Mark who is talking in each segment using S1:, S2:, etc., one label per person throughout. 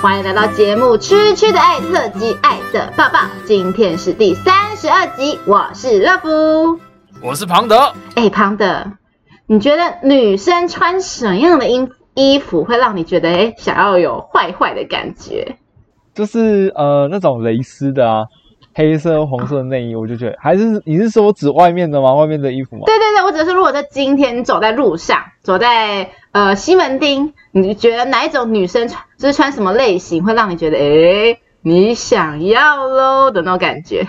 S1: 歡迎來到節目《吃吃的愛》特輯《愛的爆爆》，今天是第三十二集。我是樂芙，我是龐德。哎，龐德，你覺得女生穿什麼樣的衣衣服會讓你覺得哎想要有壞壞的感覺？
S2: 就是呃那種蕾絲的啊。黑色、紅色的內衣，我就覺得還是你是說我指外面的嗎？外面的衣服嗎？對
S1: 對對，我只是如果在今天走在路上，走在呃西門町，你覺得哪一種女生穿，就是穿什麼類型會讓你覺得，哎，你想要嘍的那種感覺？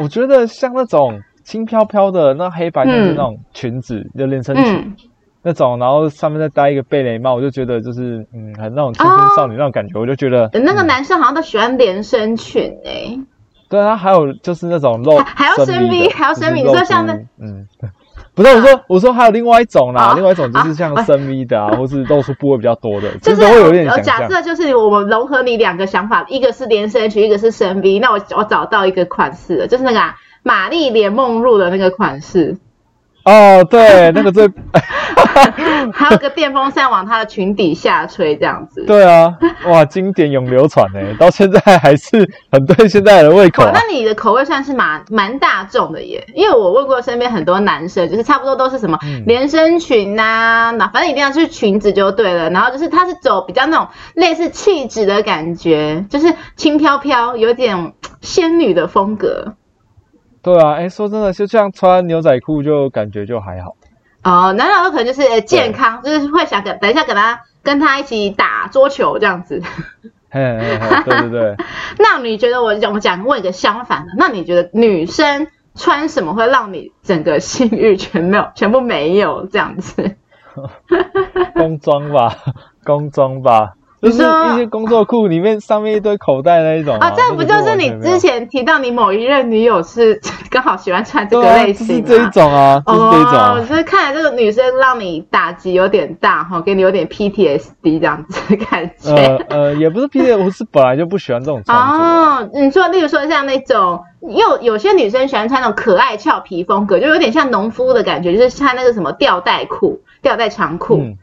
S2: 我覺得像那種輕飄飄的那黑白的那種裙子，嗯、就連身裙、嗯、那種，然後上面再戴一個貝雷帽，我就覺得就是嗯，很那種青春少女那種感覺，哦、我就覺得、嗯嗯。那個
S1: 男生好像都喜歡連身裙哎、欸。
S2: 對啊，它還有就是那種露，還要深 V，還要深 V。你說像那，嗯，對，不是我說，我說還有另外一種啦、啊哦，另外一種就是像深 V 的啊，哦、或是露出部位比較多的，就是我會有點。假設就
S1: 是我們融合你兩個想法，一個是連身裙，一個是深 V，那我我找到一個款式了，就是那個瑪麗蓮夢露的那個款式。哦、oh，
S2: 對，那個最
S1: 還 有個電風扇往他的裙底下吹，這樣子。
S2: 對啊，哇，經典永流傳呢、欸，到現在還是很對現在人的胃口、啊。Oh,
S1: 那你的口味算是蠻蠻大眾的耶，因為我問過身邊很多男生，就是差不多都是什麼、嗯、連身裙啊，那反正一定要是裙子就對了。然後就是他是走比較那種類似氣質的感覺，就是輕飄飄，有點仙女的風格。
S2: 對啊，哎、欸，說真的，就這樣穿牛仔褲，就感覺就還好。
S1: 哦，男的可能就是健康，就是會想給等一下給他跟他一起打桌球這樣子。嘿嘿嘿，對對對。 那你覺得我我想講，問一個相反的，那你覺得女生穿什麼會讓你整個性慾全沒有，全部沒有這樣子？
S2: 工裝吧，工裝吧。就是一些工作褲，裡面上面一堆口袋那一種啊，啊，這不就是你之
S1: 前提到你某一任女友是剛好喜歡穿這個類型、啊這是，這
S2: 啊哦、這是這一種啊？哦，
S1: 就是看來這個女生讓你打擊有點大哈，給你有點 PTSD 這樣子的感覺。
S2: 呃，呃也不是 PTSD， 我是本來就不喜歡這種
S1: 穿、啊。哦，你說，例如說像那種，又有，有些女生喜歡穿那種可愛俏皮風格，就有點像農夫的感覺，就是穿那個什麼吊帶褲、吊帶長褲。嗯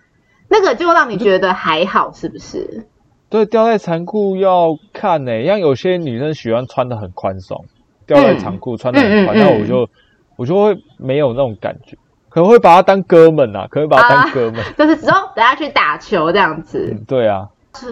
S1: 那個就讓你覺得還好，是不是？
S2: 對，吊帶長褲要看呢、欸。像有些女生喜歡穿的很寬鬆，吊帶長褲穿的很寬，那、嗯、我就、嗯嗯嗯、我就會沒有那種感覺，可能會把她當哥們吶、啊，可能把她當哥們，啊、
S1: 就是只要等下去打球這樣子、
S2: 嗯。對啊，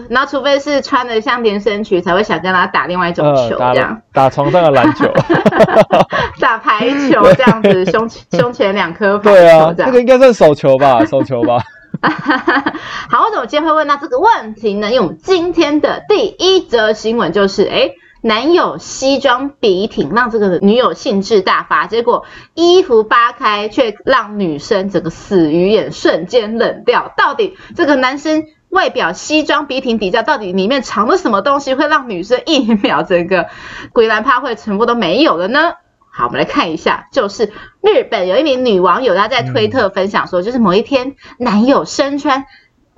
S1: 然後除非是穿的像連身裙，才會想跟他打另外一種球這樣，嗯、打，
S2: 打，打床上的籃球，
S1: 打排球這樣子， 胸胸前兩顆。 對啊，是是這、那個
S2: 應該算手球吧，手球吧。
S1: 哈哈哈，好，為什麼今天會問到這個問題呢？因為我們今天的第一則新聞就是，哎，男友西裝筆挺，讓這個女友興致大發，結果衣服扒開，卻讓女生整個死魚眼瞬間冷掉。到底這個男生外表西裝筆挺，底下到底裡面藏了什麼東西，會讓女生一秒整個鬼臉，怕會全部都沒有了呢？好，我們來看一下，就是日本有一名女網友，她在推特分享說，就是某一天，男友身穿。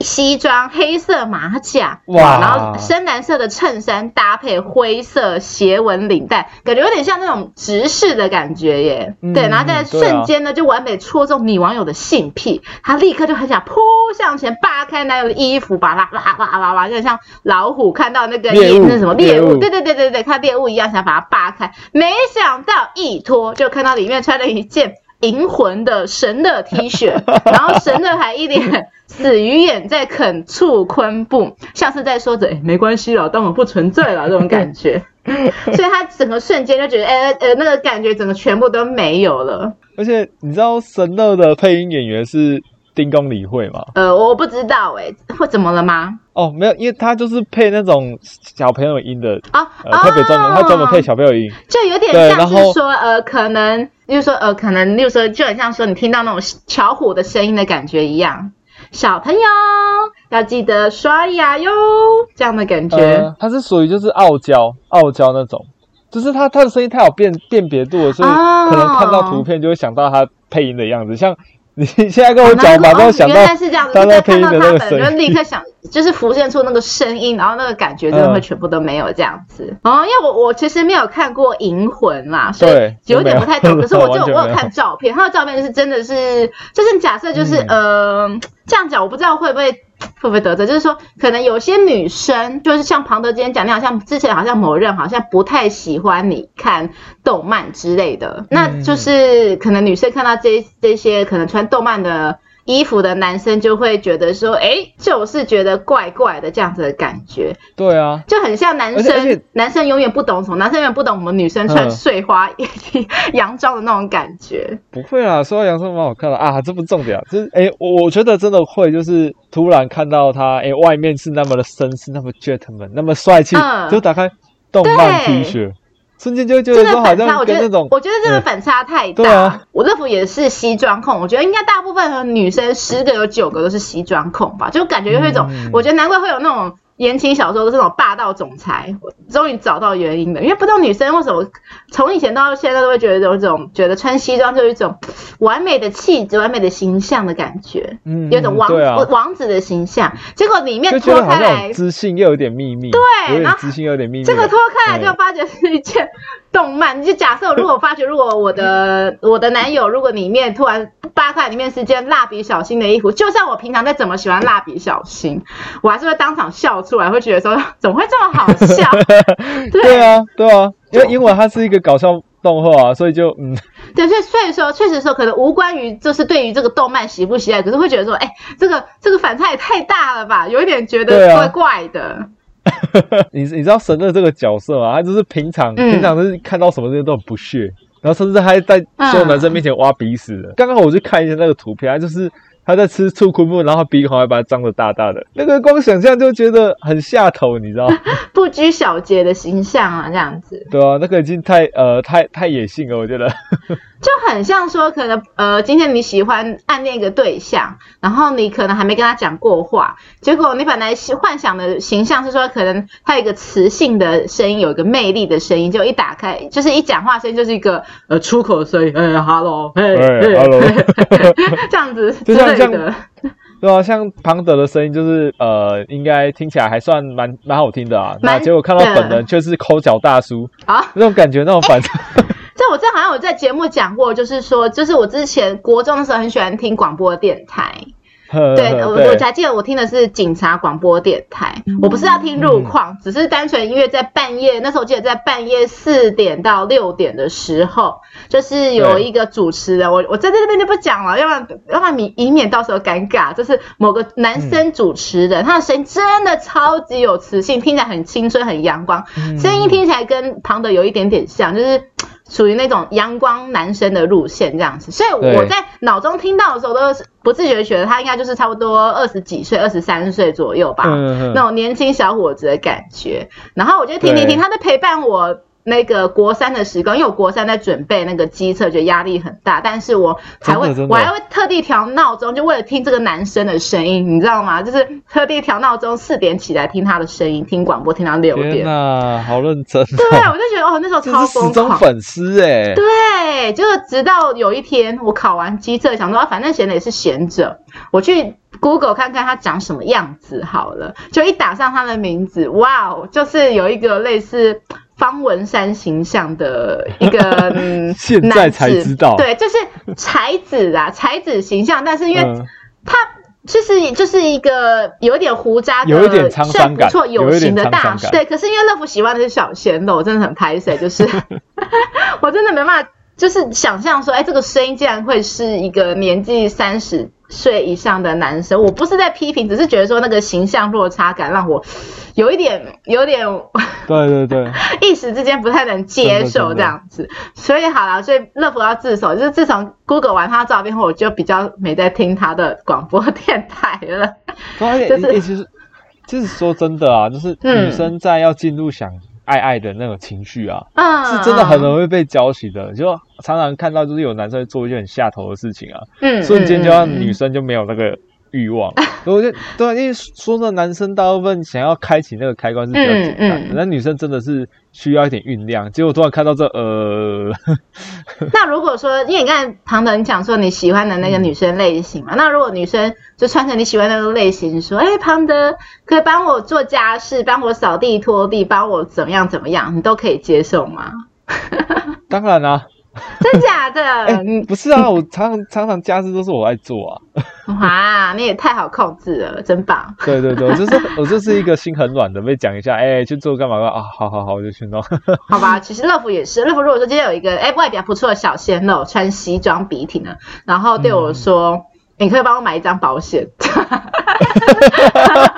S1: 西裝黑色馬甲，然後深藍色的襯衫搭配灰色斜紋領帶，感覺有點像那種執事的感覺耶。嗯、對，然後在瞬間呢，啊、就完美戳中女網友的性癖，她立刻就很想撲向前，扒開男友的衣服，哇哇哇哇哇哇，就像老虎看到那個野那什麼獵物，物，對對對對對，看獵物一樣，想把它扒開。沒想到一脫就看到裡面穿了一件。銀魂的神樂 T 恤， 然後神樂還一臉死魚眼在啃醋昆布， 像是在說着“哎、欸，沒關係了，當我不存在了” 這種感覺， 所以他整個瞬間就覺得“哎、欸，呃，那個感覺整個全部都沒有了。”而且你知道神樂的
S2: 配音演員是釘宮理惠嗎？
S1: 呃，我不知道哎、欸，或怎麼了嗎？
S2: 哦，沒有，因為他就是配那種小朋友音的，
S1: 哦，他別專門，他專門配小朋友音，就有點像是說呃，可能。就是說，呃，可能就是說，就很像說你聽到那種巧虎的聲音的感覺一樣。小朋友要記得刷牙喲，這樣的感覺。
S2: 他、呃、是屬於就是傲嬌，傲嬌那種，就是他他的聲音太有辨辨別度了，所以可能看到圖片就會想到他配音的樣子，哦、像。你現在跟我講，然後想到的，你現在想到的，哦、原來是這樣子，再看到他們，你就立刻想，
S1: 就是浮現出那個聲音，然後那個感覺就會全部都沒有這樣子。嗯、哦，因為我我其實沒有看過《銀魂》啦，所以有點不太懂。有有可是我就我有看照片，他的照片是真的是，就是假設就是、嗯、呃這樣講，我不知道會不會。會不會得罪？就是說，可能有些女生，就是像龐德今天講，你好像之前好像某人好像不太喜歡你看動漫之類的，嗯、那就是可能女生看到這這些可能穿動漫的。衣服的男生就會覺得說，哎、欸，就是覺得怪怪的這樣子的感覺。對啊，就很像男生，而且而且男生永遠不懂什麼，從男生永遠不懂我們女生穿碎花、嗯、洋裝的那種感覺。
S2: 不會啊，說到洋裝蠻好看的啊，這不重點啊，這哎、欸，我覺得真的會，就是突然看到他，哎、欸，外面是那麼的紳士，那麼 gentleman，那麼帥氣，嗯、就打開動漫 T 恤。瞬間就就是說，好像種我覺得，種我覺得這個反
S1: 差太大。嗯對啊、我這幅也是西裝控，我覺得應該大部分的女生十個有九個都是西裝控吧，就感覺會一種、嗯，我覺得難怪會有那種。言情小說都是那種霸道總裁，我終於找到原因了，因為不知道女生為什麼從以前到現在都會覺得有一種覺得穿西裝就有一種完美的氣質、完美的形象的感覺，嗯，有一種王、啊、王子的形象。結果裡面脫開來，自
S2: 信又有點秘密，對，然後自信又有點秘密，這個脫開來就發
S1: 覺是一件。 動漫，你就假設，如果我發覺，如果我的 我的男友，如果裡面突然扒開裡面是件蠟筆小新的衣服，就像我平常再怎麼喜歡蠟筆小新，我還是會當場笑出來，會覺得說怎麼會這麼好笑？ 對啊，對啊，為因為因為它
S2: 是一個搞笑動畫啊，所以就
S1: 嗯，對，所以所以說確實說可能無關於就是對於這個動漫喜不喜愛，可是會覺得說哎、欸，這個這個反差也太大了吧，有一點覺得怪怪的。
S2: 你你知道神樂這個角色嗎、啊？他就是平常、嗯、平常是看到什麼東西都很不屑，然後甚至還在所有男生面前挖鼻屎。剛、嗯、剛我去看一下那個圖片，他就是他在吃醋昆布，然後鼻孔還把它張得大大的。那個光想象就覺得很下頭，你知道嗎？
S1: 不拘小節的形象啊，這樣子。
S2: 對啊，那個已經太呃太太野性了，我覺得。
S1: 就很像說，可能呃，今天你喜歡暗戀一個對象，然後你可能還沒跟他講過話，結果你本來幻想的形象是說，可能他有一個磁性的聲音，有一個魅力的聲音，就一打開就是一講話聲音就是一個呃出口的聲音，哎哈嘍嘿哈嘍，哎，這樣子 就像之類的。
S2: 像，對啊，像龐德的聲音就是呃，應該聽起來還算蠻蠻好聽的啊，那結果看到本人卻是摳腳大叔啊，那種感覺那煩、欸，那種反差。
S1: 我這好像我在節目講過，就是說，就是我之前國中的時候很喜歡聽廣播電台。
S2: 呵呵對，我我還記得
S1: 我聽的是警察廣播電台。我不是要聽路況，嗯，只是單純因為在半夜，那時候我記得在半夜四點到六點的時候，就是有一個主持人。我我在這邊就不講了，要不然要不然你以免到時候尷尬，就是某個男生主持的，嗯，他的聲音真的超級有磁性，聽起來很青春、很陽光，嗯，聲音聽起來跟龐德有一點點像，就是。屬於那種陽光男生的路線這樣子，所以我在腦中聽到的時候，都是不自覺覺得他應該就是差不多二十幾歲，二十三歲左右吧，嗯、那種年輕小伙子的感覺。然後我就聽，聽，聽，他在陪伴我。那個國三的時光，因為我國三在準備那個機測，覺得壓力很大，但是我還會，我還會特地調鬧鐘，就為了聽這個男生的聲音，你知道嗎？就是特地調鬧鐘四點起來聽他的聲音，聽廣播聽到六點啊，
S2: 好認真、哦。對，
S1: 我就覺得哦，那時候超瘋狂粉絲誒，對，就是直到有一天我考完機測，想說反正閒的也是閒着，我去。Google 看看他長什麼樣子好了，就一打上他的名字，哇哦，就是有一個類似方文山形象的一個男子， 現在才知道，對，就是才子啊，才 子形象，但是因為他其實也就是一個有一點胡渣的，有點滄桑感，有型的大叔，對，可是因為樂福喜歡的是小鮮肉，我真的很排斥，就是 我真的沒辦法，就是想象說，哎、欸，這個聲音竟然會是一個年紀三十。歲以上的男生，我不是在批評，只是覺得說那個形象落差感讓我有一點有一點，
S2: 對對對，
S1: 一時之間不太能接受這樣子。真的真的。所以好了，所以樂芙要自首，就是自從 Google 完他的照片後，我就比較沒在聽他的廣播電台了，就是欸欸。就
S2: 是，就是說真的啊，就是女生在要進入想，嗯愛愛的那種情緒啊，啊，是真的很容易被澆熄的。就常常看到，就是有男生會做一件很下頭的事情啊，嗯、瞬間就讓女生就沒有那個慾望。我、嗯、就、嗯、對，因為說的男生大部分想要開啟那個開關是比較簡單的，那、嗯嗯、女生真的是。需要一點醞釀，結果突然看到這，呃。
S1: 那如果說，因為你看龐德你講說你喜歡的那個女生類型嘛，嗯、那如果女生就穿成你喜歡的那個類型，說，哎、欸，龐德可以幫我做家事，幫我掃地拖地，幫我怎麼樣怎麼樣，你都可以接受嗎？
S2: 當然啦、啊。
S1: 真假的、
S2: 欸，嗯？不是啊，我常常常常家事都是我在做啊。
S1: 哇，你也太好控制了，真棒！ 對
S2: 對對，我就是我就是一個心很軟的，被講一下，哎、欸，去做幹嘛？啊，好好好，我就去弄。
S1: 好吧，其實樂芙也是樂芙。如果說今天有一個哎外表不錯的小鮮肉，那我穿西裝筆挺的，然後對我說、嗯：“你可以幫我買一張保險。 欸”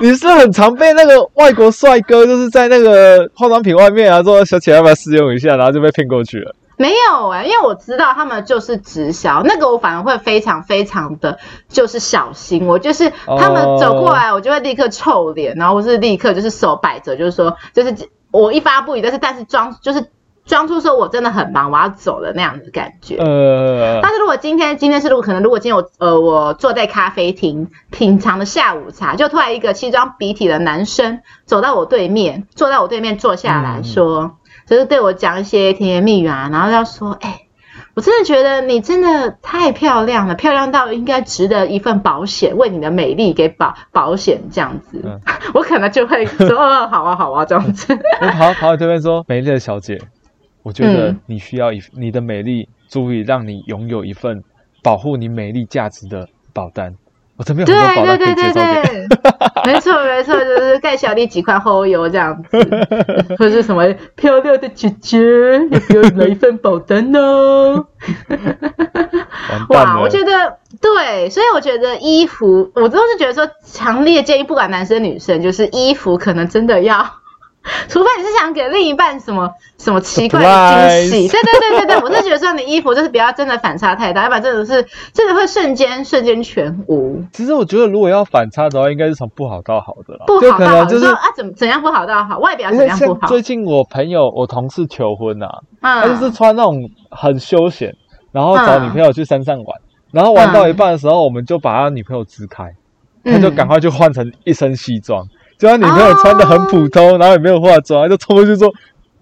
S1: 你是
S2: 很常被那個外國帥哥就是在那個化妝品外面啊，說小姐要不要試用一下，然後就被騙過去了。
S1: 沒有啊、欸，因為我知道他們就是直銷，那個我反而會非常非常的就是小心。我就是他們走過來，我就會立刻臭臉，Oh. 然後我是立刻就是手擺着，就是說，就是我一發不語，但是但是裝就是裝出說我真的很忙，我要走了那樣的感覺。
S2: Uh. 但是
S1: 如果今天今天是如果可能，如果今天我呃我坐在咖啡廳品嘗的下午茶，就突然一個西裝筆挺的男生走到我對面，坐到我對面坐下來說。Um. 就是對我講一些甜言蜜語啊，然後要說：“哎、欸，我真的覺得你真的太漂亮了，漂亮到應該值得一份保險，為你的美麗給保保險這樣子，嗯、 我可能就會說： 哦，好啊，好啊，這樣子。
S2: 嗯”我好好，到對面說：“ 美麗的小姐，我覺得你需要一你的美麗足以讓你擁有一份保護你美麗價值的保單。”對對對對
S1: 對， 沒錯沒錯，就是蓋小弟幾塊厚油這樣子，或 者是什麼漂亮的姐姐也給我來一份保單哦。 哇，我覺得對，所以我覺得衣服，我都是覺得說，強烈建議不管男生女生，就是衣服可能真的要。除非你是想給另一半什麼什麼奇怪的驚喜，對對對對對， 我是覺得說你的衣服就是不要真的反差太大，要不然真的是真的會瞬間瞬間全
S2: 無。其實我覺得如果要反差的話，應該是從不好到好的啦，不好到好就，可能就是說、就是、啊
S1: 怎怎樣不好到好，外表怎樣不好。最
S2: 近我朋友我同事求婚吶、啊嗯，他就是穿那種很休閒，然後找女朋友去山上玩、嗯，然後玩到一半的時候，嗯、我們就把他女朋友支開，他就趕快就換成一身西裝。嗯就他女朋友穿的很普通，哦，然後也沒有化妝，就衝過去說：“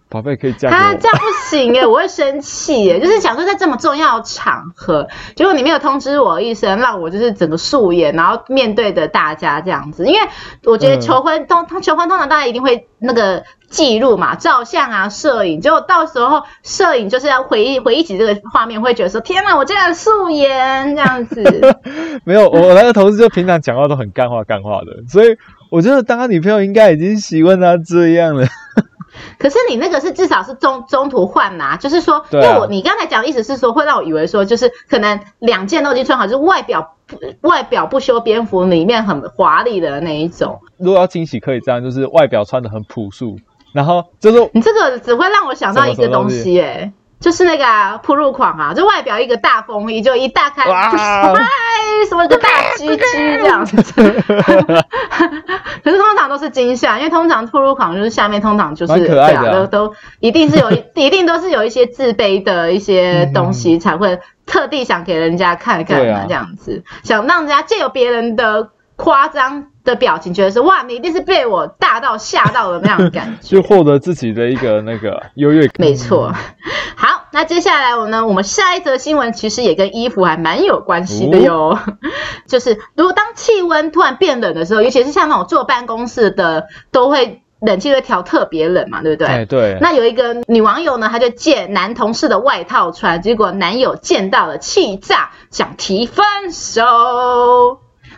S2: 寶貝，可以嫁給我。啊”他這樣
S1: 不行誒、欸，我會生氣哎，欸， 就是想說，在這麼重要場合，結果你沒有通知我一聲，讓我就是整個素顏，然後面對着大家這樣子。因為我覺得求婚通，他、嗯、求婚通常大家一定會那個記錄嘛，照相啊、攝影。結果到時候攝影就是要回憶回憶起這個畫面，會覺得說：“天哪，我竟然素顏這樣子。 ”
S2: 沒有，我我那個同事就平常講話都很幹話幹話的，所以。我覺得當他女朋友應該已經習慣他這樣了。
S1: 可是你那個是至少是中中途換拿，就是說，對，、啊、對我你剛才講的意思是說，會讓我以為說，就是可能兩件都已經穿好，就是外表外表不修邊幅，裡面很華麗的那一種。如果要
S2: 驚喜可以這樣，就是外表穿的很樸素，然後就是你
S1: 這個只會讓我想到一個東西哎、欸，就是那個暴露狂啊，就外表一個大風衣就一大開。哇 為什麼一個大雞雞這樣子？ 可是通常都是驚嚇，因為通常露出狂就是下面通常就是可愛的、啊，都都一定是有一， 一定都是有一些自卑的一些東西，才會特地想給人家看看嘛這樣子、啊，想讓人家借由別人的誇張的表情，覺得說哇，你一定是被我大到嚇到的那樣的感覺，
S2: 就獲得自己的一個那個優越感。沒錯，
S1: 好。那接下來我呢？我們下一則新聞其實也跟衣服還蠻有關係的喲，哦、 就是如果當氣溫突然變冷的時候，尤其是像那種坐辦公室的，都會冷氣會調特別冷嘛，對不對？對，對。那有一個女網友呢，她就借男同事的外套穿，結果男友見到了氣炸，想提分手。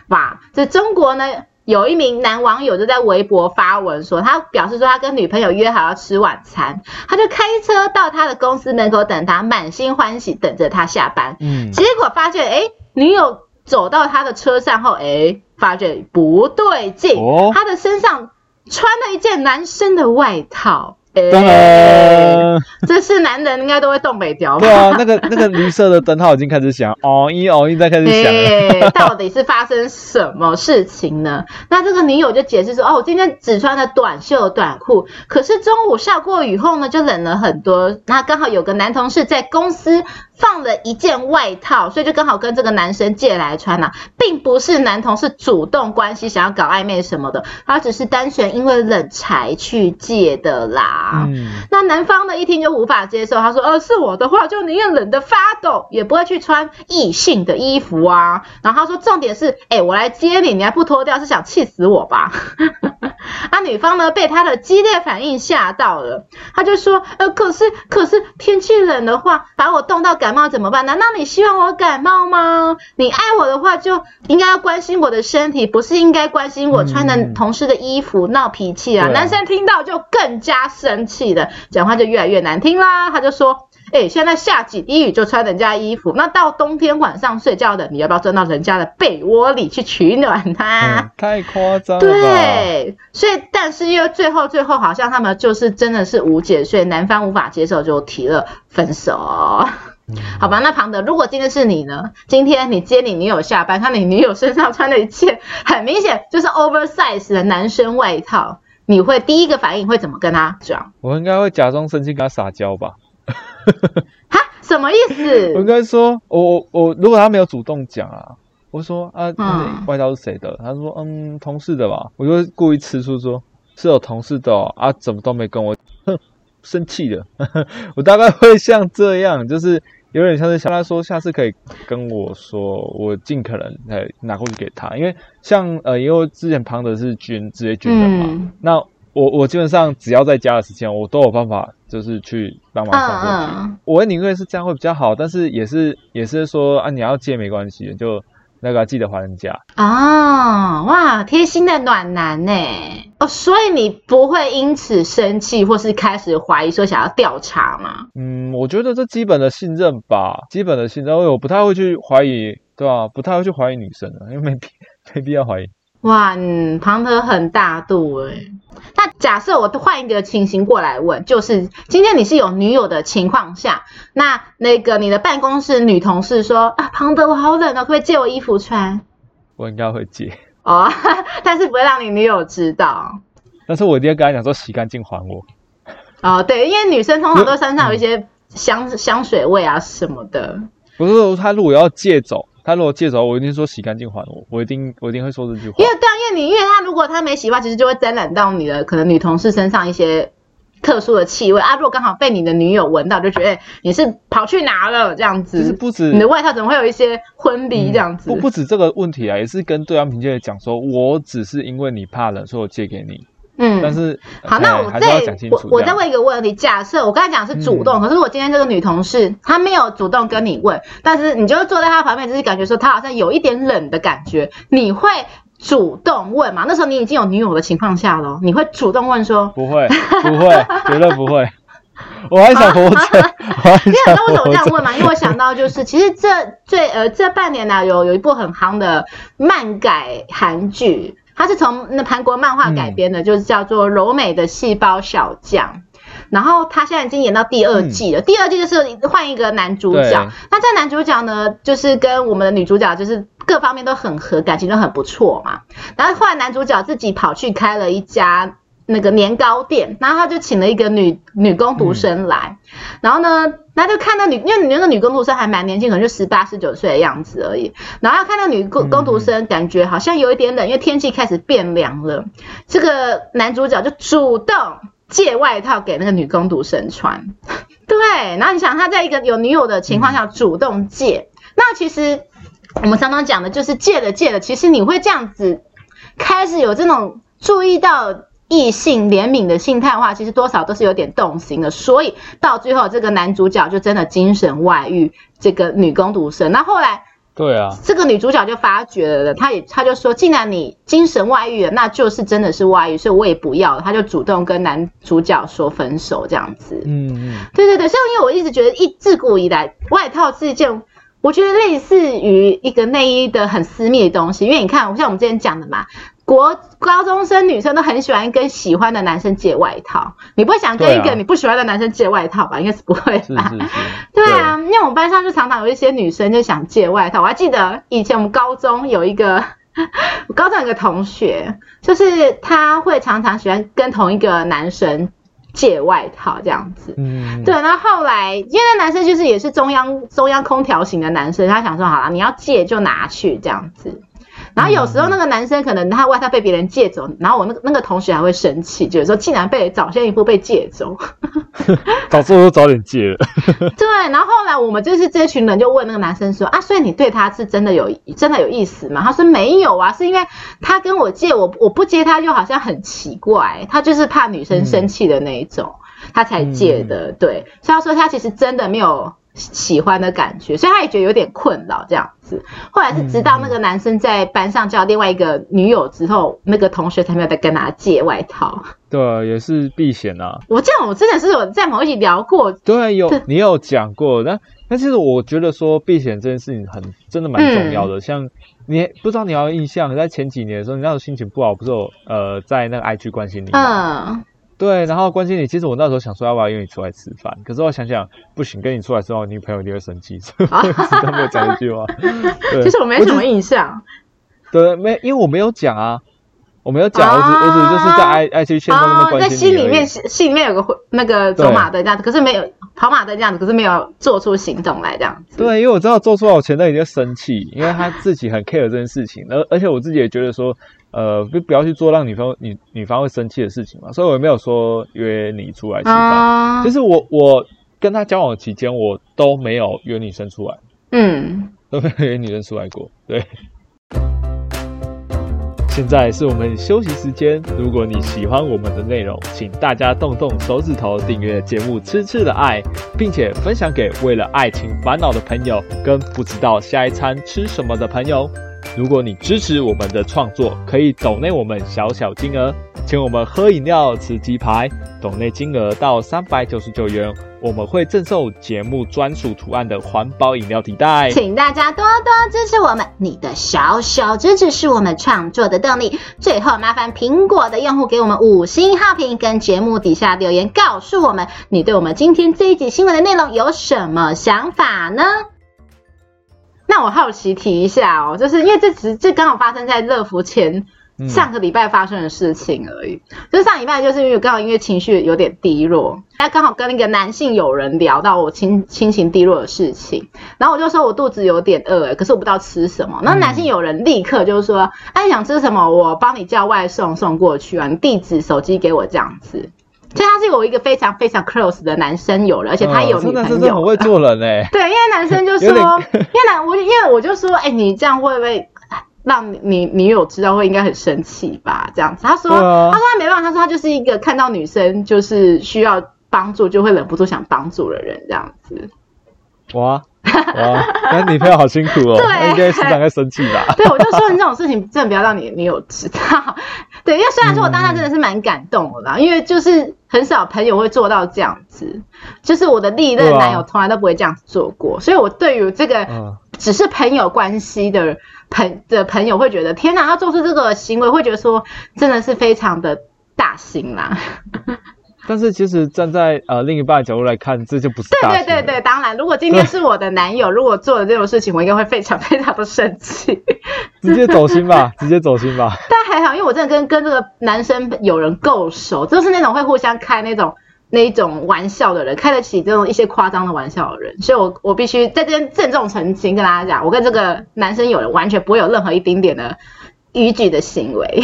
S1: 哇，在中國呢？有一名男網友就在微博發文說，他表示說他跟女朋友約好要吃晚餐，他就開車到他的公司門口等他，滿心歡喜等着他下班，嗯，結果發現，哎、欸，女友走到他的車上後，哎、欸，發覺不對勁，哦，他的身上穿了一件男生的外套。當、欸、然這是男人應該都會凍未條吧。 對啊，那個
S2: 那個綠色的燈號已經開始響，哦一哦一在開始響、
S1: 欸，到底是發生什麼事情呢？那這個女友就解釋說，哦，我今天只穿了短袖短褲，可是中午下過雨後呢，就冷了很多。那剛好有個男同事在公司。放了一件外套，所以就剛好跟這個男生借來穿啦，啊，並不是男同事主動關係想要搞曖昧什麼的，他只是單純因為冷才去借的啦。嗯、那男方呢一聽就無法接受，他說：“呃，是我的話，就寧願冷得發抖，也不會去穿異性的衣服啊。”然後他說：“重點是，哎、欸，我來接你，你還不脫掉，是想氣死我吧？” 啊，女方呢被他的激烈反應嚇到了，他就說：“呃，可是可是天氣冷的話，把我凍到感。”感冒怎麼辦？難道你希望我感冒嗎？你愛我的話就應該要關心我的身體，不是應該關心我穿男同事的衣服？嗯、鬧脾氣啊，啊！男生聽到就更加生氣了，講話就越來越難聽啦。他就說：“哎、欸，現在下幾滴雨就穿人家衣服，那到冬天晚上睡覺的，你要不要鑽到人家的被窩裡去取暖呢、啊嗯？”太誇張了，對。所以，但是因為最後最後，好像他們就是真的是無解，所以男方無法接受，就提了分手。嗯、好吧，那龐德，如果今天是你呢？今天你接你女友下班，看你女友身上穿了一件很明顯就是 oversize 的男生外套，你會第一個反應會怎麼跟她講？
S2: 我應該會假裝生氣跟她撒嬌吧。
S1: 哈，什麼意思？我應
S2: 該說我我我，如果她沒有主動講啊，我說啊、嗯，外套是誰的？她說嗯，同事的吧。我就會故意吃醋說是有同事的、哦、啊，怎麼都沒跟我哼 生氣氣的了。 我大概會像這樣，就是。有點像是像他說，下次可以跟我說，我尽可能來拿過去給他，因為像呃，因為之前龐德是軍，直接軍人嘛，嗯、那我我基本上只要在家的時間，我都有辦法就是去幫忙送過去。啊啊我寧願是這樣會比較好，但是也是也是說啊，你要借沒關係，就。那個記得還人家
S1: 啊、哦！哇，貼心的暖男呢！哦，所以你不會因此生氣，或是開始懷疑，說想要調查嗎？嗯，
S2: 我覺得這基本的信任吧，基本的信任，我不太會去懷疑，對吧、啊？不太會去懷疑女生的，因為沒必沒必要懷疑。
S1: 哇，嗯、龐德很大度哎。那假設我換一個情形過來問，就是今天你是有女友的情況下，那那個你的辦公室女同事說，啊，龐德我好冷啊、哦，可不可以借我衣服穿？
S2: 我應該會借
S1: 哦，但是不會讓你女友知道。
S2: 但是我一定要跟她講說，洗乾淨還我。
S1: 哦，對，因為女生通常都身上有一些香、嗯、香水味啊什麼的。
S2: 不是她如果要借走，她如果借走，我一定說洗乾淨還我，我一定我一定會說這句話。
S1: 因為你因為他如果他沒洗的話，其實就會沾染到你的可能女同事身上一些特殊的氣味啊。如果剛好被你的女友聞到，就覺得、欸、你是跑去拿了這樣子。就是不止你的外套怎麼會有一些婚禮這樣子？嗯、不不
S2: 止這個問題啊，也是跟對方平借講說，我只是因為你怕冷，所以我借給你。嗯，但是好，那我再我，我再問
S1: 一個問題。假設我剛才講是主動，嗯、可是我今天這個女同事她沒有主動跟你問，但是你就坐在她旁邊，就是感覺說她好像有一點冷的感覺，你會？主動問嘛？那時候你已經有女友的情況下咯，你會主動問說？
S2: 不會，不會，絕對不會。 我還想活
S1: 着，啊啊。因為那為什麼這樣問嘛？ 因為我想到就是，其實這最呃這半年呢，啊，有有一部很夯的漫改韓劇，它是從那韓國漫畫改編的。嗯，就是叫做《柔美的細胞小將》。然後他現在已經演到第二季了，嗯、第二季就是換一個男主角。那這男主角呢，就是跟我們的女主角就是各方面都很合，感情都很不錯嘛。然後後來男主角自己跑去開了一家那個年糕店，然後他就請了一個女女工讀生來。嗯、然後呢，那就看到女，因為那個女工讀生還蠻年輕，可能就十八、十九歲的樣子而已。然後看到女工工讀生、嗯，感覺好像有一點冷，因為天氣開始變涼了。這個男主角就主動。借外套給那個女工讀生穿，對，然後你想他在一個有女友的情況下主動借。嗯，那其實我們常常講的就是借的借的，其實你會這樣子開始有這種注意到異性憐憫的心態的話，其實多少都是有點動心的，所以到最後這個男主角就真的精神外遇這個女工讀生，那後來。對啊，這個女主角就發覺了，她也她就說，既然你精神外遇了，那就是真的是外遇，所以我也不要，她就主動跟男主角說分手這樣子。嗯，嗯，對對對，所以因為我一直覺得一，一自古以來，外套是一件，我覺得類似於一個內衣的很私密的東西，因為你看，像我們之前講的嘛，國高中生女生都很喜歡跟喜歡的男生借外套，你不會想跟一個你不喜歡的男生借外套吧？對啊，應該是不會吧？是是是對啊。對，因為我們班上就常常有一些女生就想借外套，我還記得以前我們高中有一個，我高中有一個同學，就是他會常常喜歡跟同一個男生。借外套這樣子，嗯，對。那後，後來，因為那男生就是也是中央中央空調型的男生，他想說，好啦，你要借就拿去這樣子。然後有時候那個男生可能他外套被別人借走，嗯、然後我那個那個同學還會生氣，就是、說竟然被早先一步被借走，
S2: 早知道早點借了。
S1: 對，然後後來我們就是這群人就問那個男生說啊，所以你對他是真的有真的有意思嗎？他說沒有啊，是因為他跟我借我我不借他就好像很奇怪，他就是怕女生生氣的那一種，嗯、他才借的，嗯。對，所以他說他其實真的沒有。喜歡的感覺，所以他也覺得有點困擾這樣子。後來是直到那個男生在班上交另外一個女友之後，嗯、那個同學才沒有再跟他借外套。
S2: 對、啊，也是避嫌啊。
S1: 我這樣，我真的是有在某一集聊過。
S2: 對、啊，有你有講過。那那其實我覺得說避嫌這件事情很真的蠻重要的。嗯、像你不知道你要印象，在前幾年的時候，你那種心情不好，我不是有呃在那個 IG 關心你嗎？嗯對，然後關心你。其實我那時候想說要不要約你出來吃飯，可是我想想不行，跟你出來之後，你女朋友一定會生氣。有、啊、 沒有講一句話 對？其實我沒
S1: 什麼印象。
S2: 對，沒，因為我沒有講啊，我沒有講，哦、我只我只就是在 IG 線上那麼關心你、哦。在心裡面
S1: 心裡面有個那個走馬燈這樣子，可是沒有跑馬燈這樣子，可是沒有做出行動來這樣
S2: 子。對，因為我知道做出來我前任已經生氣，因為他自己很 care 這件事情，而 而且我自己也覺得說。呃，不要去做讓女方女女方會生氣的事情嘛。所以我沒有說約你出來吃飯，啊，其實我我跟她交往的期間，我都沒有約女生出來，嗯，都沒有約女生出來過。對，現在是我們休息時間。如果你喜歡我們的內容，請大家動動手指頭訂閱節目《吃吃的愛》，並且分享給為了愛情煩惱的朋友跟不知道下一餐吃什麼的朋友。如果你支持我們的創作，可以抖內我們小小金額，請我們喝飲料、吃雞排。抖內金額到三百九十九元，我們會贈送節目專屬圖案的環保飲料提袋。請
S1: 大家多多支持我們，你的小小支持是我們創作的動力。最後，麻煩蘋果的用戶給我們五星好評，跟節目底下留言，告訴我們你對我們今天這一集新聞的內容有什麼想法呢？那我好奇提一下哦，就是因為這只是剛好發生在樂芙前上個禮拜發生的事情而已。嗯啊、就上禮拜就是因為剛好因為情緒有點低落，那剛好跟那個男性友人聊到我情心情低落的事情，然後我就說我肚子有點餓、欸，可是我不知道吃什麼。那男性友人立刻就是說，哎、嗯，啊、你想吃什麼？我幫你叫外送送過去啊，你地址、手機給我這樣子。所以他是我一個非常非常 close 的男生有了，而且他有女朋友，哦、這男
S2: 生真的很會做人哎、欸。
S1: 對，因為男生就說，因為男 我因為我就說，哎、欸，你這樣會不會讓你女友知道會應該很生氣吧？這樣子，他說、嗯，他說他沒辦法，他說他就是一個看到女生就是需要幫助就會忍不住想幫助的人這樣子。哇，那女
S2: 朋友好辛苦哦，對應該是當應生氣吧？對，
S1: 對，我就說你這種事情真的不要讓你女友知道。對，因為雖然說我當下真的是蠻感動的啦、嗯，因為就是很少朋友會做到這樣子，就是我的歷任男友從來都不會這樣子做過，啊、所以我對於這個只是朋友關係的朋、嗯、的朋友會覺得，天哪，他做出這個行為，會覺得說真的是非常的大心啦。
S2: 但是其實站在呃另一半的角度來看，這就不是。對對
S1: 對對，當然，如果今天是我的男友，如果做了這種事情，我應該會非常非常的生氣，
S2: 直接走心吧， 直接走心吧。
S1: 但還好，因為我真的跟跟這個男生有人夠熟，就是那種會互相開那種那一種玩笑的人，開得起這種一些誇張的玩笑的人，所以我我必須在這邊鄭重澄清，跟大家講，我跟這個男生有人完全不會有任何一丁點，點的逾矩的行為。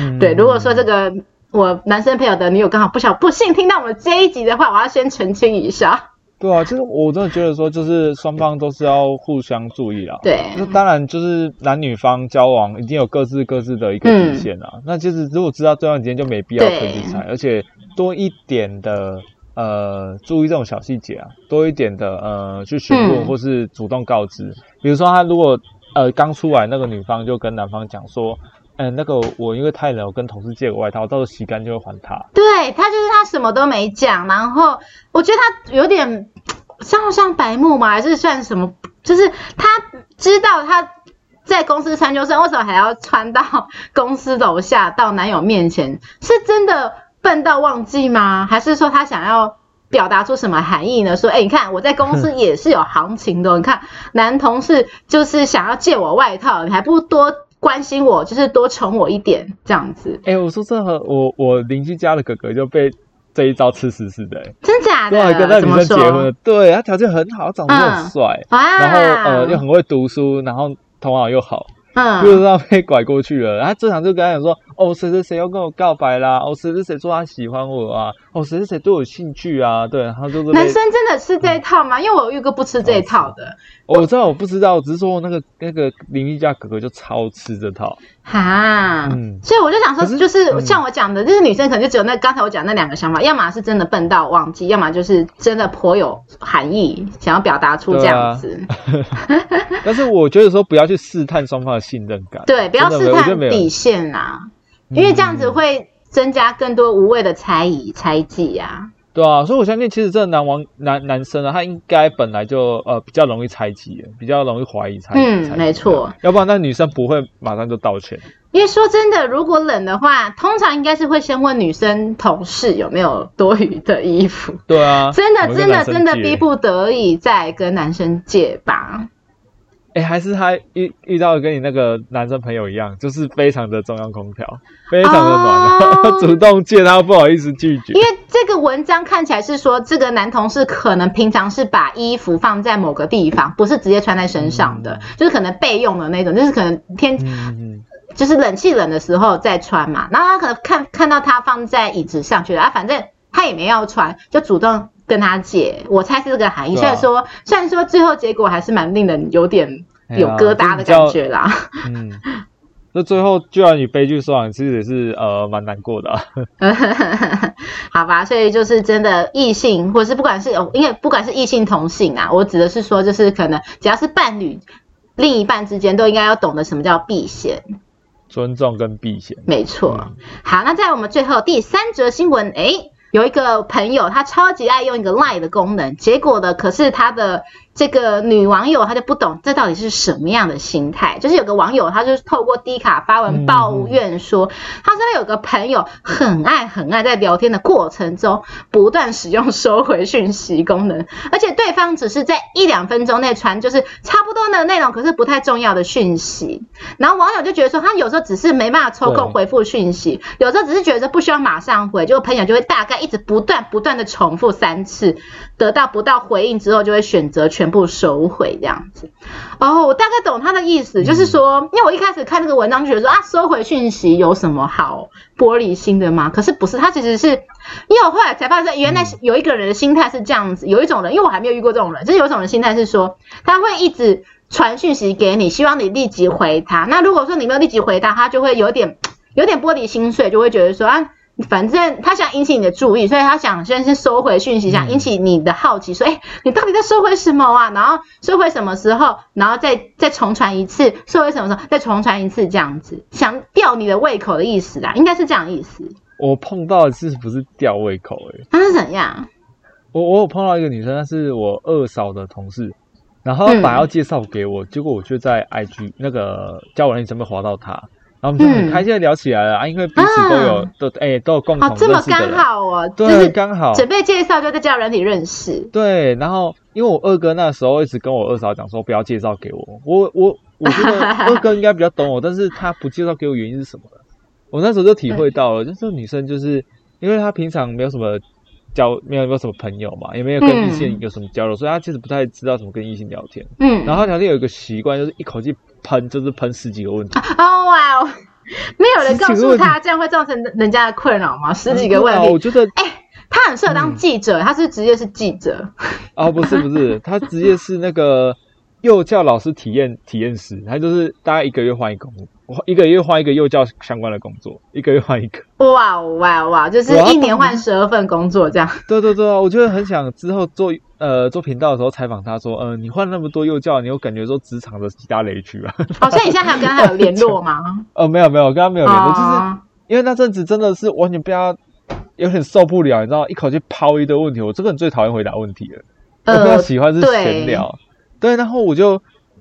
S1: 嗯、 對，如果說這個。我男生朋友的女友剛好不想，不信聽到我們這一集的話，我要先澄清一下。
S2: 對啊，其實我真的覺得說，就是雙方都是要互相注意啦。 對，那當然就是男女方交往一定有各自各自的一個底線啊。那其實如果知道這段時間就沒必要分資產，而且多一點的呃注意這種小細節啊，多一點的呃去詢問或是主動告知，嗯、比如說他如果呃剛出來那個女方就跟男方講說。嗯，那個我因為太冷，我跟同事借個外套，到時候洗乾淨就會還他。
S1: 對，他就是他什麼都沒講，然後我覺得他有點像不像白目嗎？還是算什麼？就是他知道他在公司穿就算，為什麼還要穿到公司樓下到男友面前？是真的笨到忘記嗎？還是說他想要表達出什麼含義呢？說，哎，你看我在公司也是有行情的哦， 你看男同事就是想要借我外套，你還不如多。關心我，就是多寵我一點這樣子。哎、欸，我說真
S2: 的，我我鄰居家的哥哥就被這一招吃死似的、欸，
S1: 真假的？對啊，跟那女生結婚了。
S2: 對，他條件很好，長得又帥、嗯，然後呃、啊、又很會讀書，然後頭腦又好，嗯，就是讓他被拐過去了。然後這場就跟他講說。哦，誰誰誰要跟我告白啦？哦，誰誰誰說他喜歡我啊？哦，誰誰誰對我有興趣啊？對，他就男生
S1: 真的吃這一套嗎？嗯、因為我有遇過不吃這一套的。啊、我、
S2: 哦、我真的知道，我不知道，只是說那個那個鄰居家哥哥就超吃這套。
S1: 哈、啊，嗯。所以我就想說就，就是像我講的、嗯，就是女生可能就只有那剛才我講那兩個想法，要麼是真的笨到忘記，要麼就是真的頗有含義，想要表達出這樣
S2: 子。啊、 但是我覺得說，不要去試探雙方的信任感。對，不要試探底
S1: 線啊。因為這樣子會增加更多無謂的猜疑、猜忌呀、啊嗯。
S2: 對啊，所以我相信，其實這個男王男男生啊，他應該本來就呃比較容易猜忌，比較容易懷疑猜忌。嗯，沒錯。要不然，那女生不會馬上就道歉。因
S1: 為說真的，如果冷的話，通常應該是會先問女生同事有沒有多餘的衣服。
S2: 對啊，真的真的真的逼不
S1: 得已，再跟男生借吧。
S2: 欸，還是他遇遇到跟你那個男生朋友一樣，就是非常的中央空調，非常的暖，他、啊、主動借他，他不好意思拒絕。因為
S1: 這個文章看起來是說，這個男同事可能平常是把衣服放在某個地方，不是直接穿在身上的，嗯、就是可能備用的那種，就是可能天、嗯、就是冷氣冷的時候再穿嘛。然後他可能看看到他放在椅子上去了啊，反正他也沒要穿，就主動。跟他借，我猜是這個含義、啊。雖然說，雖然說最後結果還是蠻令人有點有疙瘩的感覺啦。
S2: 啊、嗯，那最後居然以悲劇收場，其實也是呃蠻難過的、
S1: 啊。 好吧，所以就是真的異性，或者是不管是、哦、因為不管是異性同性啊，我指的是說，就是可能只要是伴侶、另一半之間，都應該要懂得什麼叫避嫌，
S2: 尊重跟避嫌。沒錯、嗯。
S1: 好，那在我們最後第三則新聞，哎、欸。有一個朋友，他超級愛用一個 LINE 的功能，結果呢，可是他的這個女網友她就不懂這到底是什麼樣的心態。就是有個網友，他就是透過 Dcard 發文抱怨說，他說他有個朋友很愛很愛在聊天的過程中不斷使用收回訊息功能，而且對方只是在一兩分鐘內傳就是差不多的內容，可是不太重要的訊息。然後網友就覺得說，他有時候只是沒辦法抽空回覆訊息，有時候只是覺得不需要馬上回，結果朋友就會大概。一直不斷不斷的重複三次，得到不到回應之後，就會選擇全部收回這樣子。哦，我大概懂他的意思，就是說，因為我一開始看這個文章就覺得說啊，收回訊息有什麼好玻璃心的嗎？可是不是，他其實是，因為我後來才發現，原來有一個人的心態是這樣子。有一種人，因為我還沒有遇過這種人，就是有一種人的心態是說，他會一直傳訊息給你，希望你立即回他。那如果說你沒有立即回他，他就會有點有點玻璃心碎，就會覺得說啊。反正他想引起你的注意，所以他想先收回訊息、嗯，想引起你的好奇說，說、欸，哎，你到底在收回什麼啊？然後收回什麼時候？然後再再重傳一次，收回什麼時候？再重傳一次這樣子，想吊你的胃口的意思啦，應該是這樣的意思。
S2: 我碰到的是不是吊胃口、欸？哎，
S1: 他是怎樣？
S2: 我我有碰到一個女生，那是我二嫂的同事，然後把要介紹給我、嗯，結果我就在 IG 那個交友軟體裡面滑到她。然後我們就很開心地聊起來了啊、嗯，因為彼此都有、啊、都哎、欸、都有共同的哦、啊，這麼剛好
S1: 哦、啊，對，就是、剛好準備介紹就在家人裡認識，對。
S2: 然後因為我二哥那時候一直跟我二嫂講說不要介紹給我，我我我
S1: 覺得二哥
S2: 應該比較懂我， 但是他不介紹給我原因是什麼？我那時候就體會到了，就是女生就是因為她平常沒有什麼交，沒有沒有什麼朋友嘛，也沒有跟異性有什麼交流、嗯，所以她其實不太知道怎麼跟異性聊天。嗯，然後她聊天有一個習慣就是一口氣。噴，就是噴十幾個問題。
S1: 哦哇哦！沒有人告訴他這樣會造成人家的困擾嗎？十幾個問題，嗯嗯、我覺得，哎、欸，他很適合當記者，嗯、他是職業是，是記者。
S2: 哦、啊，不是不是， 他職業是那個。幼教老師體驗體驗師，他就是大概一個月換一個，我一個月換一個幼教相關的工作，一個月換一個。
S1: 哇哇哇！就是一年換十二份工作這樣。啊、對對對，我覺得很想之後做
S2: 呃做頻道的時候採訪他說，嗯、呃，你換那麼多幼教，你有感覺說職場的幾大雷區嗎？好
S1: 像你現在還有跟他
S2: 有聯絡嗎？ 呃，沒有沒有，跟他沒有聯絡、哦，就是因為那陣子真的是完全不要，有點受不了，你知道，一口氣拋一堆問題，我這個人最討厭回答問題了、
S1: 呃，我比較喜歡是閒聊。
S2: 對，然後我就，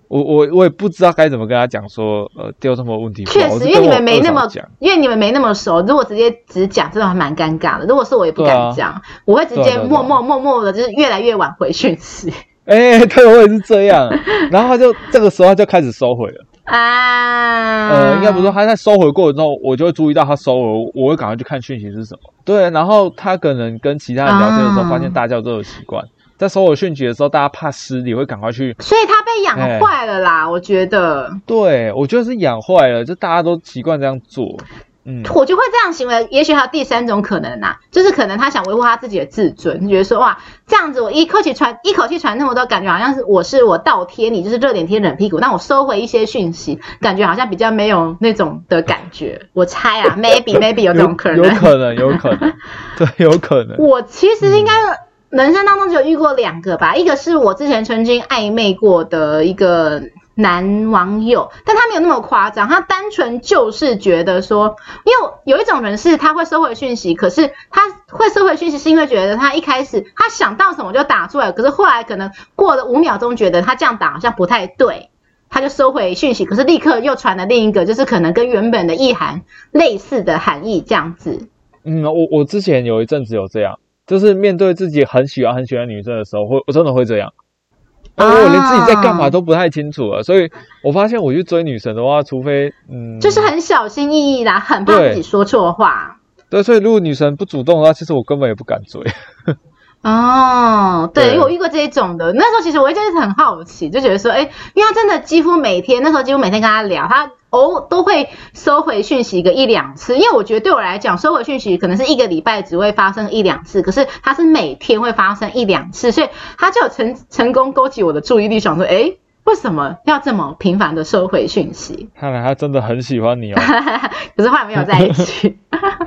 S2: 我我我也不知道該怎麼跟他講說，說呃，丟這麼多問題，確實，因為你們沒那麼講，
S1: 因為你們沒那麼熟。如果直接只講，這種還蠻尷尬的。如果是我，也不敢講、啊，我會直接默默默默的，就是越來越晚回訊
S2: 息。哎、啊啊，對，我也是這樣。 然後他就這個時候他就開始收回了
S1: 啊。呃，應該不是
S2: 說，他在收回過之後，我就會注意到他收回，我會趕快去看訊息是什麼。對，然後他可能跟其他人聊天的時候，啊、發現大家都有習慣。在收回訊息的時候，大家怕失禮，會趕快去，所以
S1: 他被養壞了啦、欸。我覺得，
S2: 對，我覺得是養壞了，就大家都習慣這樣做。嗯，
S1: 我就會這樣行為。嗯、也許還有第三種可能啊，就是可能他想維護他自己的自尊，你覺得說哇，這樣子我一口氣傳一口氣傳那麼多，感覺好像是我是我倒貼你，就是熱臉貼冷屁股。那我收回一些訊息，感覺好像比較沒有那種的感覺。 我猜啊，maybe maybe 有這種可能，有，有可能，有
S2: 可能， 對，有可能。
S1: 我其實應該、嗯。人生當中只有遇過兩個吧，一個是我之前曾經曖昧過的一個男網友，但他沒有那麼誇張，他單純就是覺得說，因為有一種人是他會收回訊息，可是他會收回訊息是因為覺得他一開始他想到什麼就打出來，可是後來可能過了五秒鐘，覺得他這樣打好像不太對，他就收回訊息，可是立刻又傳了另一個，就是可能跟原本的意涵類似的含義這樣子。
S2: 嗯，我我之前有一陣子有這樣。.就是面對自己很喜歡很喜歡的女生的時候，會我真的會這樣，我連自己在幹嘛都不太清楚了，啊。所以我發現我去追女神的話，除非嗯，就是
S1: 很小心翼翼啦，很怕自己說錯話，對。
S2: 對，所以如果女神不主動的話，其實我根本也不敢追。
S1: 哦對，對，因為我遇過這一種的。那時候其實我一直很好奇，就覺得說，哎，因為他真的幾乎每天，那時候幾乎每天跟他聊，他偶都會收回訊息一個一兩次。因為我覺得對我來講，收回訊息可能是一個禮拜只會發生一兩次，可是他是每天會發生一兩次，所以他就有成成功勾起我的注意力，想說，哎，為什麼要這麼頻繁的收回訊息？
S2: 看來他真的很喜歡你哦。
S1: 可是後來沒有在一起。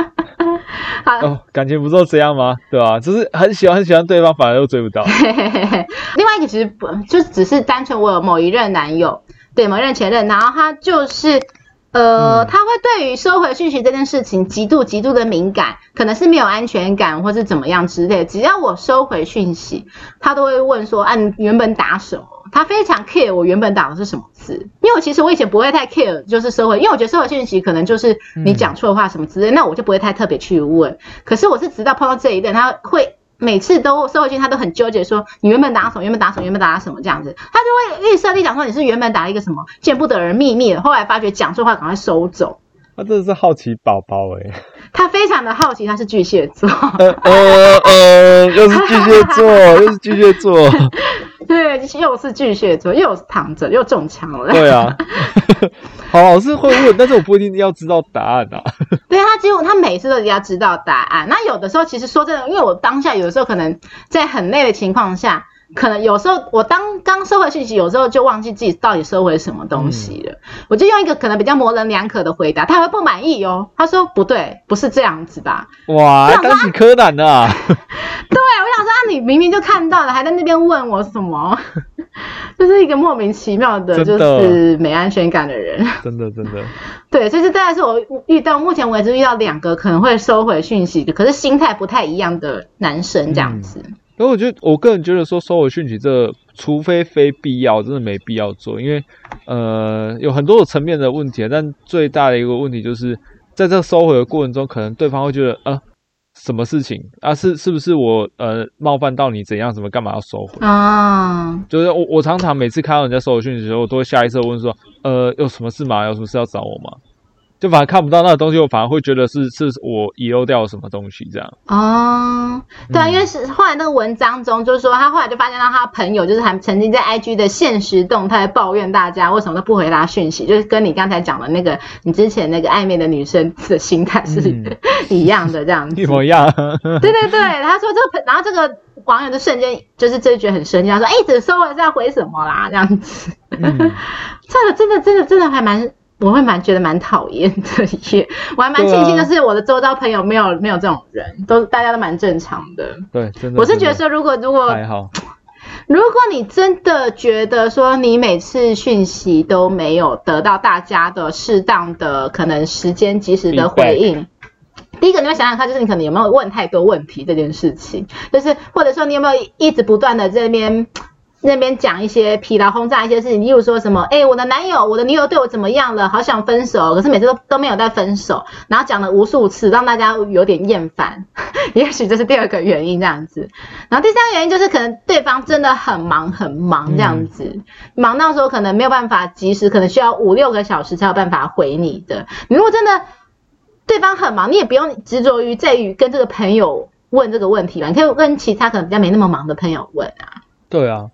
S1: 好哦，
S2: 感情不就這樣嗎？對吧、啊？就是很喜歡很喜歡對方，反而又追不到。
S1: 另外一個其實不，就只是單純我有某一任男友，對某一任前任，然後他就是。呃，他會對於收回訊息這件事情極度極度的敏感，可能是沒有安全感，或是怎麼樣之類的。只要我收回訊息，他都會問說：“按、啊、原本打什麼？”他非常 care 我原本打的是什麼字，因為我其實我以前不會太 care 就是收回，因為我覺得收回訊息可能就是你講錯話什麼之類的、嗯，那我就不會太特別去問。可是我是直到碰到這一段，他會。每次都收回去他都很糾結，說你原本打什麼，原本打什麼，原本打什麼這樣子，他就會預設立場講說，你是原本打了一個什麼見不得人秘密的，後來發覺講錯話，趕快收走。
S2: 他真的是好奇寶寶誒。
S1: 他非常的好奇，他是巨蟹座，
S2: 呃呃、呃，又是巨蟹座， 又是巨蟹座。
S1: 對，又是巨蟹座，又是躺着，又中槍了。對啊，
S2: 好，我是會問， 但是我不一定要知道答案吶、啊。
S1: 對、啊、他幾乎他每次都要知道答案。那有的時候其實說真的，因為我當下有的時候可能在很累的情況下。可能有時候我當剛收回信息，有時候就忘記自己到底收回什麼東西了。嗯、我就用一個可能比較模棱兩可的回答，他會不滿意哦。他說不對，不是這樣子吧？
S2: 哇，啊、當起柯南了，啊。
S1: 對，我想說啊，你明明就看到了， 還在那邊問我什麼？ 就是一個莫名其妙的，的就是沒安全感的人。
S2: 真的，真的。
S1: 對，所以這當然是我遇到，目前為止遇到兩個可能會收回訊息，可是心態不太一樣的男生這樣子。嗯
S2: 因為我覺得，我個人覺得說收回訊息、這個，這除非非必要，真的沒必要做，因為，呃，有很多層面的問題，但最大的一個問題就是，在這個收回的過程中，可能對方會覺得，啊、呃，什麼事情啊？是是不是我呃冒犯到你，怎樣怎麼幹嘛要收回？啊，就是我我常常每次看到人家收回訊息的時候，我都會下意識問說，呃，有什麼事嗎？有什麼事要找我嗎？就反而看不到那個東西，我反而會覺得是是我遺
S1: 漏掉什麼東西這樣。哦，對啊，因為是後來那個文章中就是說，他後來就發現到他朋友就是還曾經在 IG 的限時動態抱怨大家為什麼都不回他訊息，就是跟你剛才講的那個你之前那個曖昧的女生的心態是、嗯、一樣的這樣子，
S2: 一模一樣。對對
S1: 對，他說這個，然後這個網友就瞬間就是這一句很生氣，他說：“哎、欸，一直收我在回什麼啦？”這樣子，嗯、 這個真的真的真的還蠻。我會蠻覺得蠻討厭的一，也我還蠻慶幸，就是我的周遭朋友沒有、啊、沒有這種人，都大家都蠻正常的。對，
S2: 真的。我是覺得說，如果如果，還好。
S1: 如果你真的覺得說，你每次訊息都沒有得到大家的適當的可能時間及時的回應，第一個你會想想看，就是你可能有沒有問太多問題這件事情，就是或者說你有沒有一直不斷的這邊。那邊講一些疲勞轟炸，一些事情，例如說什麼哎、欸，我的男友，我的女友對我怎麼樣了？好想分手，可是每次都都沒有在分手，然後講了無數次，讓大家有點厭煩。也許這是第二個原因這樣子。然後第三個原因就是可能對方真的很忙很忙這樣子，嗯、忙到時候可能沒有辦法及時，可能需要五六個小時才有辦法回你的。你如果真的對方很忙，你也不用執着於在於跟這個朋友問這個問題吧，你可以跟其他可能比較沒那麼忙的朋友問啊。
S2: 對啊。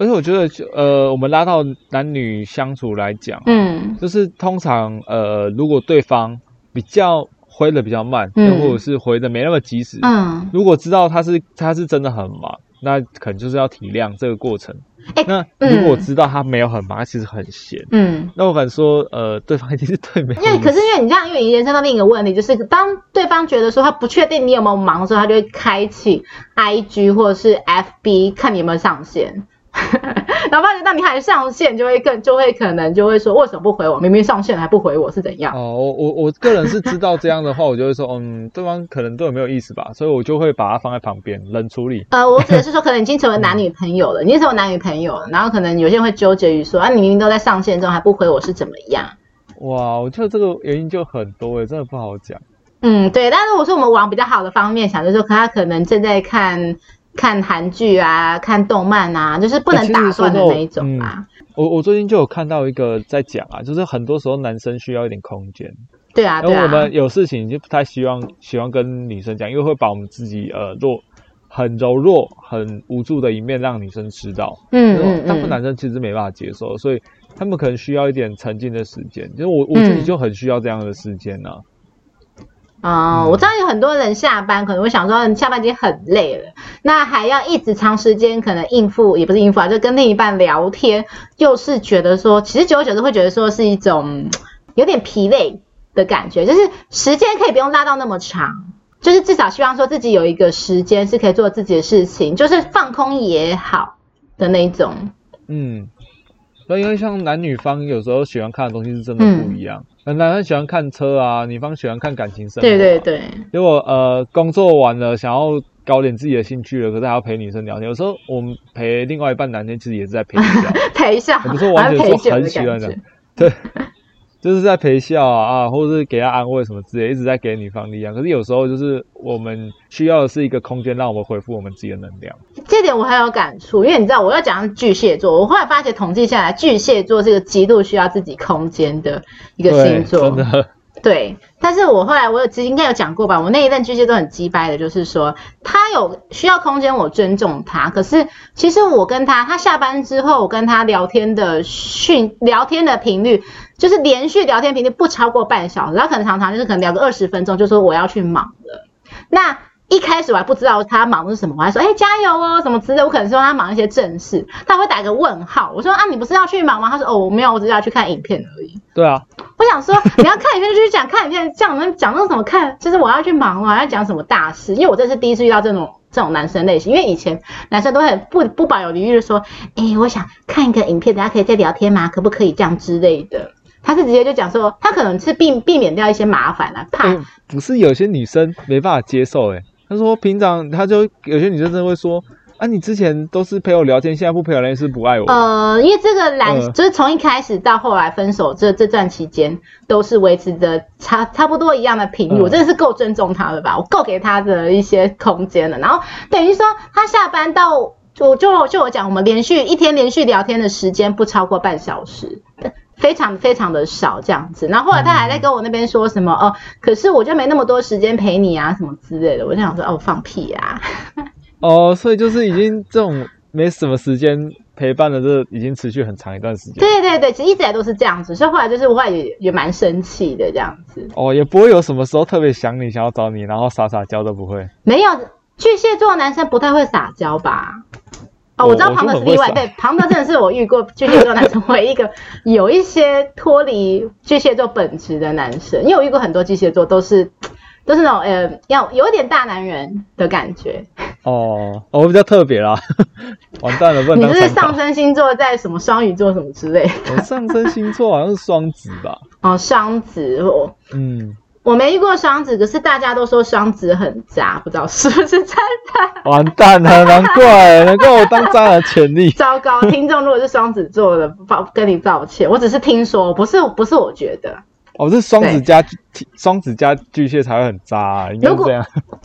S2: 而且我覺得，就呃，我們拉到男女相處來講，嗯，就是通常，呃，如果對方比較回的比較慢，嗯，或者是回的沒那麼及時，嗯，如果知道他是他是真的很忙，那可能就是要體諒這個過程。欸、那如果我知道他沒有很忙，他其實很閒，嗯，那我敢說，呃，對方一定是對沒。因為可
S1: 是因為你這樣，因為你延伸到另一個問題，就是當對方覺得說他不確定你有沒有忙的時候，他就會開啟 I G 或者是 F B 看你有沒有上線。 然後發覺到你還上線，就會更，就會可能就會說，為什麼不回我？明明上線還不回我，是怎樣？哦，
S2: 我我我個人是知道這樣的話， 我就會說，嗯，對方可能對我沒有意思吧，所以我就會把它放在旁邊冷處理。
S1: 呃，我只是說，可能已經成為男女朋友了，嗯，已經成為男女朋友了，然後可能有些人會糾結於說，啊，你明明都在上線中還不回我，是怎麼樣？
S2: 哇，我覺得這個原因就很多誒、欸，真的不好講。
S1: 嗯，對，但如果說我們往比較好的方面想，就是說，他可能正在看。看韓劇啊，看動漫啊，就是不能打斷的那一種
S2: 啊、嗯。我我最近就有看到一個在講啊，就是很多時候男生需要一點空間。對啊，
S1: 對啊，然後我們
S2: 有事情就不太希望喜歡跟女生講，因為會把我們自己呃弱，很柔弱，很無助的一面讓女生知道。嗯，大部分男生其實沒辦法接受，所以他們可能需要一點沉浸的時間。就是我我自己就很需要這樣的時間啊。嗯
S1: 啊、嗯，我知道有很多人下班可能會想說，你下班已經很累了，那還要一直長時間可能應付，也不是應付啊，就跟另一半聊天，就是覺得說，其實久而久之會覺得說是一種有點疲累的感覺，就是時間可以不用拉到那麼長，就是至少希望說自己有一個時間是可以做自己的事情，就是放空也好的那一種。
S2: 嗯，所以因為像男女方有時候喜歡看的東西是真的不一樣。嗯男生喜歡看車啊，女方喜歡看感情生活啊。對對對，如果呃工作完了想要搞點自己的興趣了，可是還要陪女生聊天。有時候我們陪另外一半，男生其實也是在陪一下，
S1: 陪一下。不說完全是很喜歡的，的，對。
S2: 就是在陪笑啊，或者是給他安慰什麼之類，一直在給女方力量。可是有時候就是我們需要的是一個空間，讓我們恢復我們自己的能量。
S1: 這點我很有感觸，因為你知道我要講的是巨蟹座，我後來發現統計下來，巨蟹座是一個極度需要自己空間的一個星座。真的。對。但是我後來我有應該有講過吧，我那一段巨蟹都很雞掰的，就是說他有需要空間，我尊重他。可是其實我跟他，他下班之後我跟他聊天的訊聊天的頻率，就是連續聊天頻率不超過半小時，他可能常常就是可能聊個二十分鐘，就說我要去忙了。那一開始我還不知道他忙的是什麼，我還說哎、欸、加油哦，什麼之類。我可能說他忙一些正事，他會打一個問號。我說，啊你不是要去忙嗎？他說，哦我沒有，我只是要去看影片而已。對啊，我想說你要看影片就去講 看影片，這樣們講那什麼看，就是我要去忙了，要講什麼大事。因為我這是第一次遇到這種這種男生類型，因為以前男生都很不不保有底，就的說，哎我想看一個影片，大家可以再聊天嗎？可不可以這樣之類的。他是直接就講說他可能是避避免掉一些麻煩啊，怕、
S2: 嗯、不是有些女生沒辦法接受誒、欸他說平常他就有些女生就會說啊，你之前都是陪我聊天，現在不陪我聊天是不愛我。呃，
S1: 因為這個懶、嗯、就是從一開始到後來分手這這段期間都是維持著差差不多一樣的頻率、呃，我真的是夠尊重他了吧？我夠給他的一些空間了。然後等於說他下班到我就就我講，我們連續一天連續聊天的時間不超過半小時。非常非常的少這樣子，然後後來他還在跟我那邊說什麼、嗯、哦，可是我就沒那麼多時間陪你啊什麼之類的，我就想說哦，放屁啊。
S2: 哦，所以就是已經這種沒什麼時間陪伴的這已經持續很長一段時間。對對
S1: 對，其實一直以來都是這樣子，所以後來就是我後來也也蠻生氣的這樣子。
S2: 哦，也不會有什麼時候特別想你，想要找你，然後撒撒嬌都不會。
S1: 沒有，巨蟹座的男生不太會撒嬌吧？哦，我知道龐德是例外，對，龐德真的是我遇過巨蟹座男生，唯一一個有一些脫離巨蟹座本質的男生。 因為我遇過很多巨蟹座，都是都是那種呃，要有點大男人的感覺。
S2: 哦，我、哦、比較特別啦， 完蛋了，你這是上
S1: 升星座在什麼雙魚座什麼之類的、哦、上升星座好像是雙子吧？哦，雙子，哦，嗯。我沒遇過雙子，可是大家都說雙子很渣，不知道是不是真
S2: 的。完蛋了，難怪 能夠我當渣男的潛力。
S1: 糟糕，聽眾如果是雙子座的，不 跟你道歉，我只是聽說，不是不是我覺得。
S2: 哦，是雙子加雙子加巨蟹才會很渣，啊應該這樣。
S1: 如果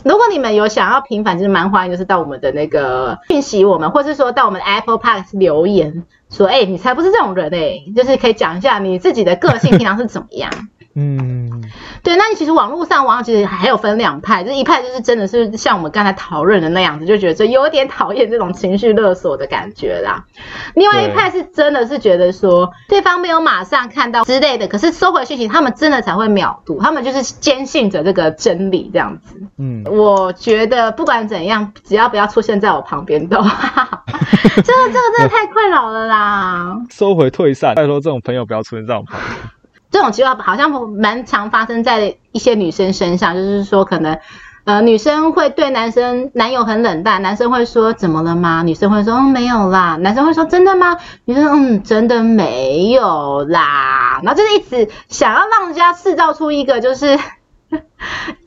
S1: 如果你們有想要平反，就是蠻歡迎，就是到我們的那個訊息我們，或是說到我們 Apple Park 留言，說哎，欸，你才不是這種人哎，欸，就是可以講一下你自己的個性平常是怎麼樣。 嗯，對，那你其實網絡上網友其實還有分兩派，這、就是、一派就是真的是像我們剛才討論的那樣子，就覺得就有點討厭這種情緒勒索的感覺啦。另外一派是真的是覺得說對方沒有馬上看到之類的，可是收回訊息，他們真的才會秒讀，他們就是堅信着這個真理這樣子。嗯，我覺得不管怎樣，只要不要出現在我旁邊都，哈哈哈，這個這個真的太困擾了啦。
S2: 收回退散，拜託這種朋友不要出現在我旁邊。
S1: 這種情況好像蠻常發生在一些女生身上，就是說可能，呃，女生會對男生男友很冷淡，男生會說怎麼了嗎？女生會說，哦，沒有啦，男生會說真的嗎？女生說嗯，真的沒有啦。然後就是一直想要讓人家製造出一個就是，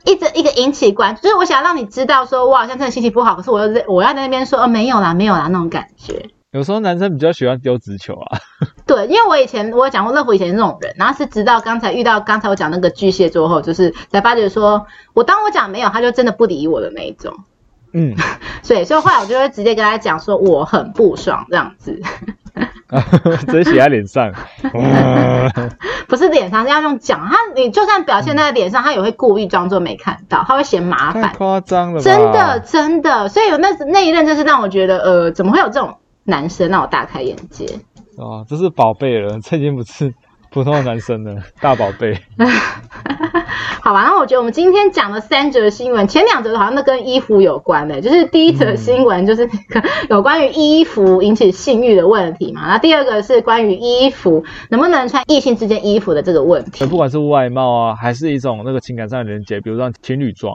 S1: 一直一個引起關注。就是我想讓你知道說，我好像真的心情不好，可是我又我要在那邊說呃，哦，沒有啦，沒有啦，那種感覺。
S2: 有時候男生比較喜歡丟直球啊。
S1: 對，因為我以前我也講過，樂芙以前是那種人，然後是直到剛才遇到剛才我講那個巨蟹座後，就是才發覺說我當我講沒有，他就真的不理我的那一種。嗯， 所以所以後來我就會直接跟他講說我很不爽這樣子。
S2: 直 接、啊、寫在臉上。
S1: 不是臉上是要用講他，你就算表現在臉上、嗯，他也會故意裝作沒看到，他會嫌麻煩。太誇
S2: 張了。真的
S1: 真的，所以有那那一任就是讓我覺得呃，怎麼會有這種男生，讓我大開眼界。
S2: 哦，這是寶貝了，這已經不是普通的男生了， 大寶寶貝貝。
S1: 好吧，那我覺得我們今天講的三則新聞，前兩則好像那跟衣服有關的，欸，就是第一則新聞就是那個有關於衣服引起性欲的問題嘛，那、嗯、第二個是關於衣服能不能穿異性之間衣服的這個問
S2: 題，不管是外貌啊，還是一種那個情感上的連接，比如說像情侶裝。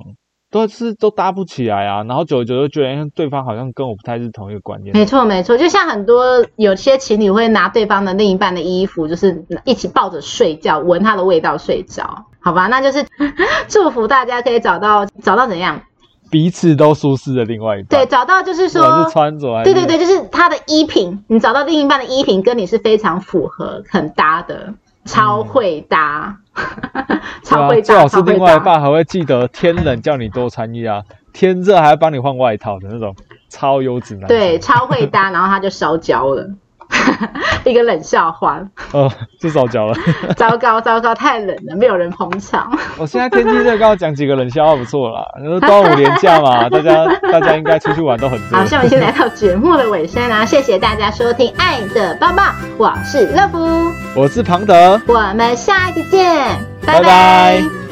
S2: 都是都搭不起來啊，然後久久就覺得、欸、對方好像跟我不太是同一個觀念。沒錯
S1: 沒錯，就像很多有些情侶會拿對方的另一半的衣服，就是一起抱着睡覺，聞他的味道睡着，好吧？那就是呵呵祝福大家可以找到找到怎樣
S2: 彼此都舒適的另外一半。對，
S1: 找到就是說是穿
S2: 着，對對對，就
S1: 是他的衣品，你找到另一半的衣品跟你是非常符合、很搭的，超會搭。嗯
S2: 哈 哈、超會搭，最好是另外一半，還會記得天冷叫你多穿衣啊，超會搭 天熱還要幫你換外套的那種，超優質男，對，
S1: 超會搭， 然後他就燒焦了。哈哈，一個冷笑話，哦，
S2: 就糟糕了
S1: 糟糕，糟糕，太冷了，沒有人捧場，哦。我現在天氣熱，
S2: 剛好講幾個冷笑話不錯了啦。端午連假嘛， 大家大家應該出去玩都很。好，像我已經
S1: 來到節目的尾聲啦，啊， 謝謝大家收聽《愛的爆爆》，我是樂芙，我是龐德，我們下一期見，拜拜。拜拜。